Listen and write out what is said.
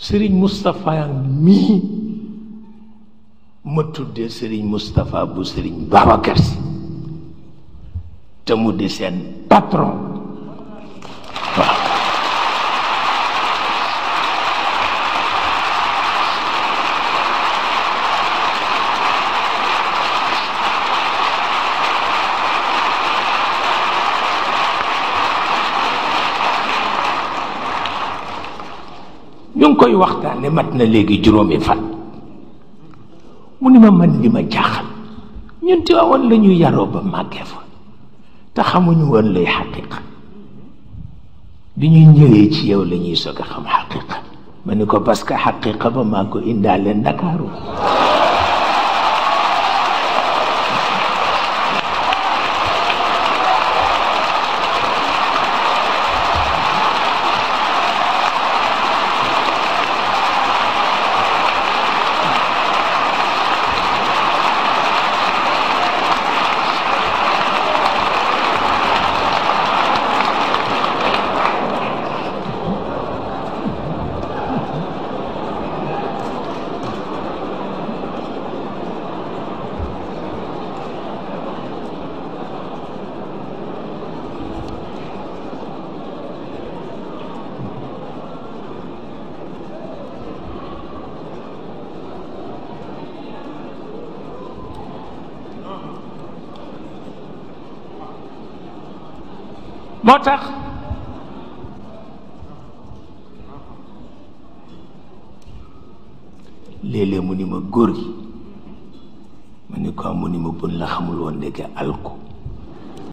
sëriñ Moustapha mii ma tuddee sëriñ Moustapha bu sëriñ Babacar Si te mu di seen patron ñu ngi koy waxtaane mat na léegi juróomi fan mu ni ma man li ma jaaxal ñun Tiwaawan la ñu yaroo ba màggee fa te xamuñu woon lay xaqiqa bi ñuy ñëwee ci yow la ñuy soog a xam xaqiqa ma ni ko parce que xaqiqa ba maa ko indaaleen Ndakaaru moo tax lée léeg mu ni ma góor gi ma ni ko mu ni ma bun la xamul woon ndeke alku